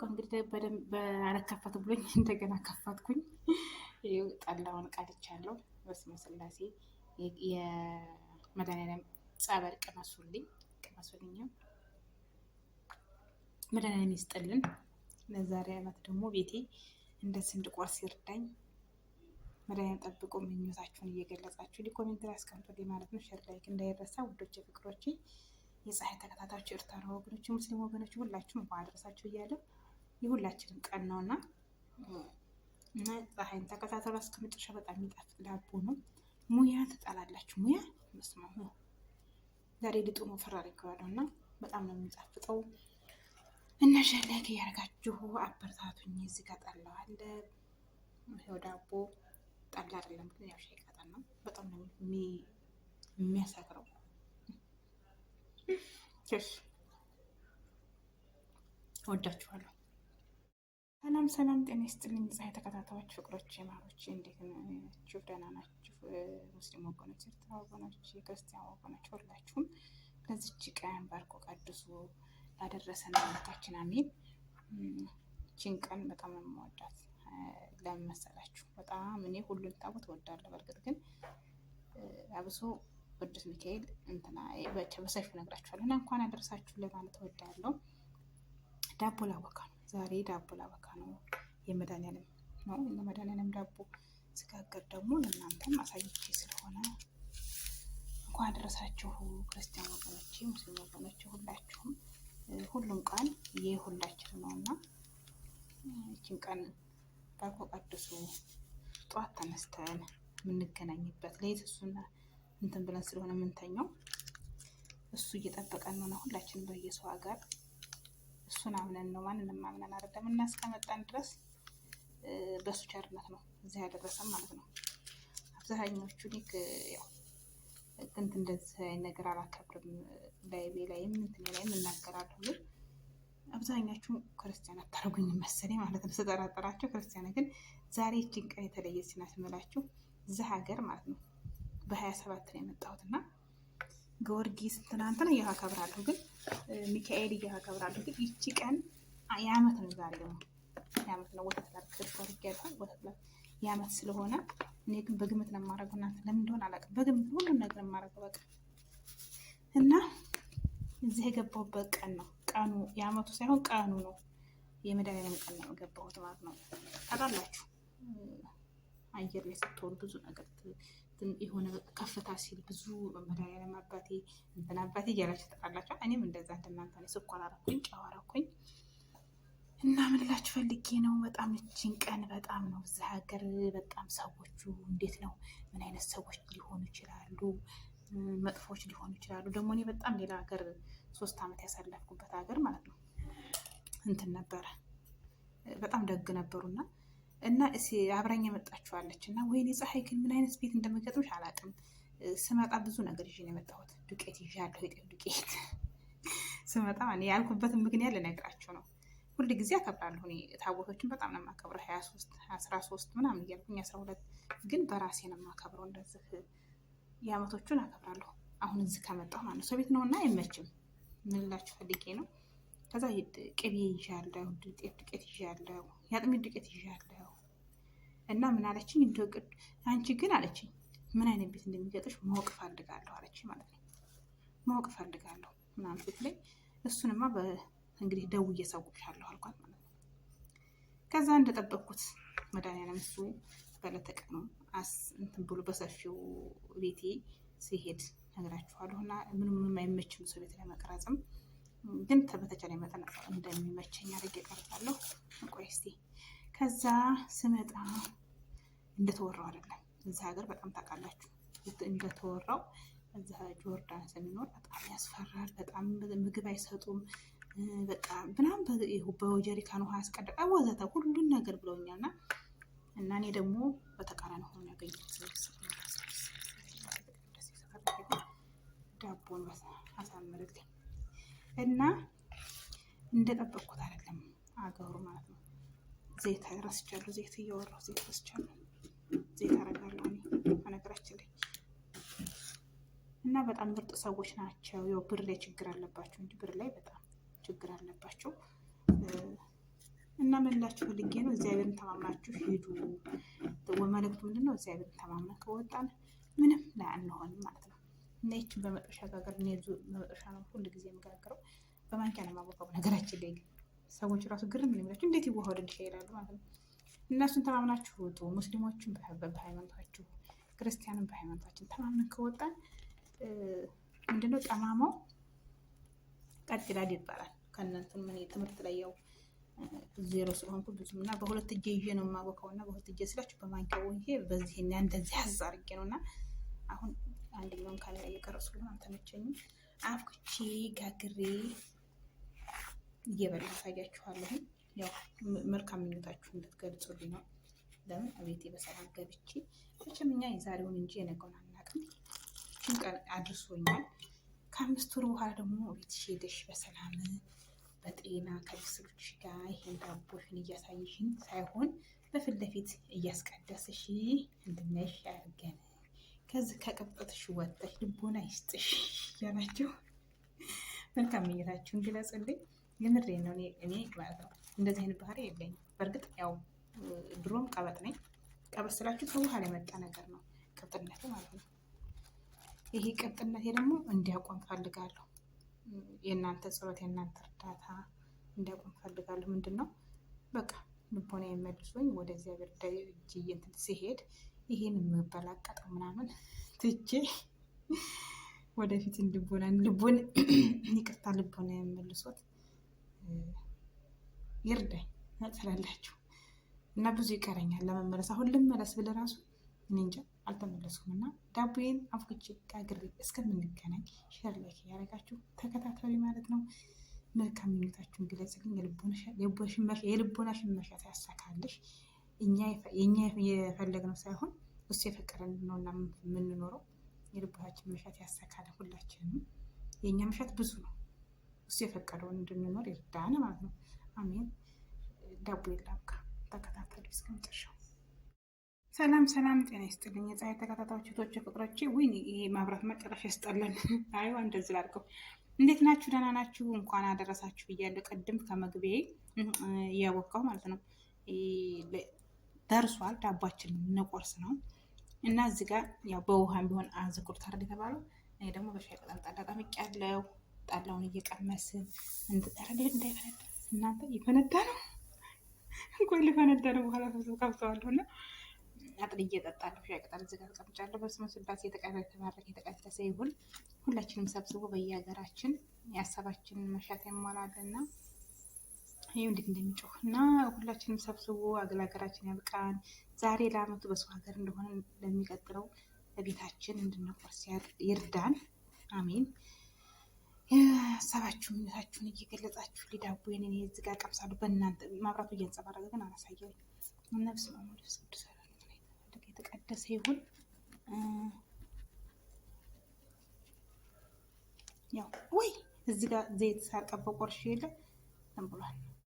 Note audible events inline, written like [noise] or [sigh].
ከእንግዲህ ላይ በደንብ አለከፈት ብሎኝ [laughs] እንደገና ከፈትኩኝ። ጠላውን ቀድቻለሁ። በስመ ስላሴ የመድኃኒዓለም ጸበል ቅመሱልኝ፣ ቅመሱልኝ መድኃኒዓለም ይስጥልን። ለዛሬ አመት ደግሞ ቤቴ እንደ ስንድ ቁርስ ይርዳኝ። መድኃኒዓለም ጠብቆ ምኞታችሁን እየገለጻችሁ ሊኮሜንት ላይ አስቀምጡልኝ ማለት ነው። ሸር ላይክ እንዳይረሳ ውዶች፣ ፍቅሮቼ የፀሐይ ተከታታዮች ኤርትራ ወገኖች፣ ሙስሊም ወገኖች ሁላችሁም እንኳን አደረሳችሁ እያለን የሁላችንም ቀን ነው እና ፀሐይን ተከታተሉ እስከ መጨረሻ። በጣም የሚጣፍጥ ዳቦ ነው። ሙያ ትጠላላችሁ? ሙያ መስማ ዛሬ ልጡ ወፈር አድርጌዋለሁ እና በጣም ነው የሚጣፍጠው። እና ሸለክ እያደረጋችሁ አበረታቱኝ። እዚህ ጋር ጠላዋለ ይኸው ዳቦ ጠላ አይደለም ግን ያው ሻይ ቀጠል ነው። በጣም ነው የሚያሳፍረው። ወዳችኋለሁ። ሰላም ሰላም፣ ጤና ይስጥልኝ ፀሐይ ተከታታዮች ፍቅሮች የማሮች እንዴት ናችሁ? ደህና ናችሁ? ሙስሊም ወገኖች፣ ኤርትራ ወገኖች፣ የክርስቲያን ወገኖች ሁላችሁም ለዚች ቀን ባርኮ ቀድሶ ያደረሰን አምላካችን አሜን። ይችን ቀን በጣም ነው የምወዳት። ለምን መሰላችሁ? በጣም እኔ ሁሉን ታቦት እወዳለሁ። በእርግጥ ግን አብሶ ቅዱስ ሚካኤል እንትና በሰፊው ነግራችኋለሁ እና እንኳን አደረሳችሁ ለማለት ወዳለው ዳቦ ላወካ ነው ዛሬ ዳቦ ላበካ ነው። የመድኃኒዓለም ነው። ለመድኃኒዓለም ዳቦ ስጋገር ደግሞ ለእናንተም አሳይቼ ስለሆነ እንኳን አደረሳችሁ ክርስቲያን ወገኖች ሙስሊም ወገኖች ሁላችሁም። ሁሉም ቀን የሁላችን ነው እና ይችን ቀን ባርኮ ቀድሱ ጠዋት ተነስተን የምንገናኝበት ለየት እሱና እንትን ብለን ስለሆነ የምንተኛው እሱ እየጠበቀን ነው። ሁላችንም በየሰው ሀገር እሱን አምነን ነው ማንንም አምነን አይደለም። እና እስከመጣን ድረስ በእሱ ቸርነት ነው እዚህ ያደረሰም ማለት ነው። አብዛኞቹ ሊክ ያው ጥንት እንደዚህ አይነት ነገር አላከብርም ላይቤ ላይም እንትን ላይም እናገራለሁ ግን አብዛኛቹ ክርስቲያን አታደርጉኝ መሰለኝ ማለት ነው ስጠራጠራቸው ክርስቲያን ግን ዛሬ እጅግ ቀን የተለየች ናት የምላችሁ እዚህ ሀገር ማለት ነው በሀያ ሰባት ነው የመጣሁት እና ጊዮርጊስ ትናንትና እያከብራለሁ ግን ሚካኤል እያከብራለሁ ግን ይቺ ቀን የአመት ነው። ዛሬ ደግሞ የአመት ነው። ወተት ላድርግ ክትፎር ይገርታል። ወተት ላ የአመት ስለሆነ እኔ ግን በግምት ነው የማደርገው። እናንተ ለምን እንደሆነ አላውቅም። በግምት ሁሉም ነገር የማደርገው በቃ እና እዚህ የገባሁበት ቀን ነው። ቀኑ የአመቱ ሳይሆን ቀኑ ነው። የመድኃኒዓለም ቀን ነው የገባሁት ማለት ነው። ታውቃላችሁ አየር ላይ ስትሆኑ ብዙ ነገር የሆነ ከፍታ ሲል ብዙ መድኃኒዓለም አባቴ እንትን አባቴ እያላችሁ ትጠራላችሁ። እኔም እንደዛ እንደናንተ ነው። ስኳር አረኩኝ፣ ጨው አረኩኝ እና ምን ፈልጌ ነው። በጣም እችን ቀን በጣም ነው እዛ ሀገር በጣም ሰዎቹ እንዴት ነው ምን አይነት ሰዎች ሊሆኑ ይችላሉ? መጥፎች ሊሆኑ ይችላሉ። ደግሞ እኔ በጣም ሌላ ሀገር ሶስት ዓመት ያሳለፍኩበት ሀገር ማለት ነው እንትን ነበረ በጣም ደግ ነበሩና እና አብራኝ የመጣችኋለች እና ወይኔ ፀሐይ ግን ምን አይነት ቤት እንደምገጥምሽ አላውቅም። ስመጣ ብዙ ነገር ይዤ ነው የመጣሁት። ዱቄት ይዣለሁ፣ የጤፍ ዱቄት [laughs] ስመጣ ያልኩበትን ምክንያት ልነግራችሁ ነው። ሁል ጊዜ አከብራለሁ እኔ ታቦቶችን በጣም ነው የማከብረው። ሀያ ሶስት አስራ ሶስት ምናምን እያልኩኝ አስራ ሁለት ግን በራሴ ነው የማከብረው። እንደዚህ የአመቶቹን አከብራለሁ። አሁን እዚህ ከመጣሁ ማለት ሰው ቤት ነው እና አይመችም። ምን እላችሁ ፈልጌ ነው። ከዛ ቅቤ ይዣለሁ፣ ጤፍ ዱቄት ይዣለሁ፣ የአጥሚት ዱቄት ይዣለሁ እና ምን አለችኝ እንደቅድ አንቺ ግን አለችኝ ምን አይነት ቤት እንደሚገጥሽ ማወቅ ፈልጋለሁ አለችኝ ማለት ነው። ማወቅ ፈልጋለሁ ምናምን ስትለኝ እሱንማ እንግዲህ ደውዬ እሳውቅሻለሁ አልኳት ማለት ነው። ከዛ እንደጠበቅኩት መድኃኒዓለም እሱ በዕለተ ቀኑ እንትን ብሎ በሰፊው ቤቴ ሲሄድ ነግራችኋለሁ እና ምንም ምንም አይመችም ሰው ቤት ለመቅረጽም ግን በተቻለ መጠን እንደሚመቸኝ አድርጌ ቀርጻለሁ። ቆይ እስኪ ከዛ ስመጣ እንደተወራው አይደለም። እዚህ ሀገር በጣም ታውቃላችሁ፣ እንደተወራው እዚህ ጆርዳን ስንኖር በጣም ያስፈራል። በጣም ምግብ አይሰጡም። በቃ ምናምን በጀሪካን ውሃ ያስቀደቃ ወዘተ ሁሉን ነገር ና እና እኔ ደግሞ በተቃራኒ ሆኖ ያገኘሁት ዳቦን አሳምርልኝ እና እንደጠበቅኩት አይደለም አገሩ ማለት ነው። ዘይት ረስቻለሁ። ዘይት እያወራሁ ዘይት ረስቻለሁ። ዘይት አረጋለሁ እኔ በነገራችን ላይ እና በጣም ምርጥ ሰዎች ናቸው። ያው ብር ላይ ችግር አለባቸው እንጂ ብር ላይ በጣም ችግር አለባቸው። እና ምንላችሁ ፈልጌ ነው እግዚአብሔርን ተማምናችሁ ሄዱ። መልእክቱ ምንድን ነው? እግዚአብሔርን ተማምና ከወጣን ምንም ላይ አንሆንም ማለት ነው። እና ይችን በመጥበሻ ጋገር ነው ሁሉ ጊዜ የምጋግረው። በማንኪያ ነው የማቦካው ነገራችን ላይ ግን ሰዎች ራሱ ግርም የሚላቸው እንዴት ይዋሃድ እንዲህ ማለት ነው። እነሱን ተማምናችሁ ውጡ። ሙስሊሞችን በሃይማኖታችሁ፣ ክርስቲያንን በሃይማኖታችን ተማምነን ከወጣን ምንድነው ጠማማው ቀጥ ይባላል። ከእናንተም ምን ትምህርት ላይ ያው ዜሮ ስለሆንኩ ብዙም እና በሁለት እጄ ይዤ ነው የማወቀው እና በሁለት እጄ ስላችሁ በማንኪያው ይዤ በዚህ ና እንደዚህ ያዝ አድርጌ ነው እና አሁን አንደኛውን ካሜራ እየቀረጽኩ ስለሆነ አልተመቸኝም። አፍኩቼ ጋግሬ እየበላ አሳያችኋለሁ። ያው መልካም ምኞታችሁ እንድትገልጹልኝ ነው። ለምን እቤቴ በሰላም ገብቼ መቼም እኛ የዛሬውን እንጂ የነገውን አናውቅም። ቀን አድርሶኛል። ከአምስት ወር በኋላ ደግሞ ቤት ሄደሽ በሰላም በጤና ከቤተሰቦችሽ ጋር ይሄን ዳቦሽን እያሳየሽን ሳይሆን በፊት ለፊት እያስቀደስሽ እንድነሽ ያድርገን። ከዚህ ከቅብጠትሽ ወጥተሽ ልቦና ይስጥሽ እያላቸው መልካም ምኞታችሁን ግለጽልኝ። የምሬ ነው እኔ ማለት ነው። እንደዚህ አይነት ባህሪ የለኝም። በእርግጥ ያው ድሮም ቀበጥ ነኝ። ቀበጥ ስላችሁ ከውሃ ላይ መጣ ነገር ነው ቅብጥነቴ ማለት ነው። ይሄ ቅብጥነቴ ደግሞ እንዲያቆም ፈልጋለሁ። የእናንተ ጸሎት፣ የእናንተ እርዳታ እንዲያቆም ፈልጋለሁ። ምንድን ነው በቃ ልቦና የመልሶኝ ወደ እግዚአብሔር ደጅ እንትን ሲሄድ ይሄን የምበላቀጠው ምናምን ትቼ ወደፊት ልቦና ልቦን ይቅርታ ልቦና የመልሶት ይርዳኝ ትላላችሁ እና ብዙ ይቀረኛል ለመመለስ። አሁን ልመለስ ብል ራሱ እኔ እንጃ አልተመለስኩም። እና ዳቦዬን አፍኩቼ ጋግሬ እስከምንገናኝ ሸር ላይክ እያደረጋችሁ ተከታተሉ ማለት ነው። መልካም ምኞታችሁን ግለጽልኝ። የልቦና ሽመሻ ያሳካልሽ። እኛ የፈለግነው ሳይሆን እሱ የፈቀደን እና የምንኖረው። የልቦናችን መሻት ያሳካልን ሁላችንም። የእኛ መሻት ብዙ ነው። እሱ የፈቀደውን እንድንኖር ይርዳን ማለት ነው። አሜን። ደቡ የላብካ ተከታተሉ እስከ መጨረሻው። ሰላም ሰላም፣ ጤና ይስጥልኝ የፀሐይ ተከታታዮች ቶች ፍቅሮች፣ ወይኔ ይሄ ማብራት መጨረሻ ይስጠለን። [laughs] አይ እንደዚህ ላድርገው። እንዴት ናችሁ? ደህና ናችሁ? እንኳን አደረሳችሁ ብያለሁ። ቅድም ከመግቤ እያወቃው ማለት ነው። ደርሷል። ዳቧችን እንቆርስ ነው እና እዚህ ጋር ያው በውሃም ቢሆን አዝኩርታር የተባለው እኔ ደግሞ በሻይ ቅጠል ጣል አጣምቄያለሁ። ጠላውን እየቀመስን እንዳይፈነዳ እናንተ እየፈነዳ ነው። ቆይ ልፈነዳ ነው በኋላ ሰብሰብ ካብሰዋለሁ እና አጥል እየጠጣለሁ ሻይ ቅጠል እዚህ ጋር ተቀምጫለሁ። በስመ ስላሴ የተባረከ የተቀደሰ ይሁን። ሁላችንም ሰብስቦ በየሀገራችን የሀሳባችንን መሻት ያሟላልና ይህ እንዴት እንደሚጮህ እና ሁላችንም ሰብስቦ አገላገራችን ያብቃን። ዛሬ ለአመቱ በሰው ሀገር እንደሆነ ለሚቀጥለው በቤታችን እንድንቆርስ ይርዳን። አሜን። ሀሳባችሁ ምኞታችሁን እየገለጻችሁ ሊዳቡ የኔን እዚህ ጋር ቀምሳሉ። በእናንተ ማብራቱ እያንጸባረቀ ግን አላሳየው ነፍስ በመደስ ቅዱስ የተቀደሰ ይሁን። ያው ወይ እዚህ ጋር ዘይት ሳቀበ ቆርሽ የለ ብሏል።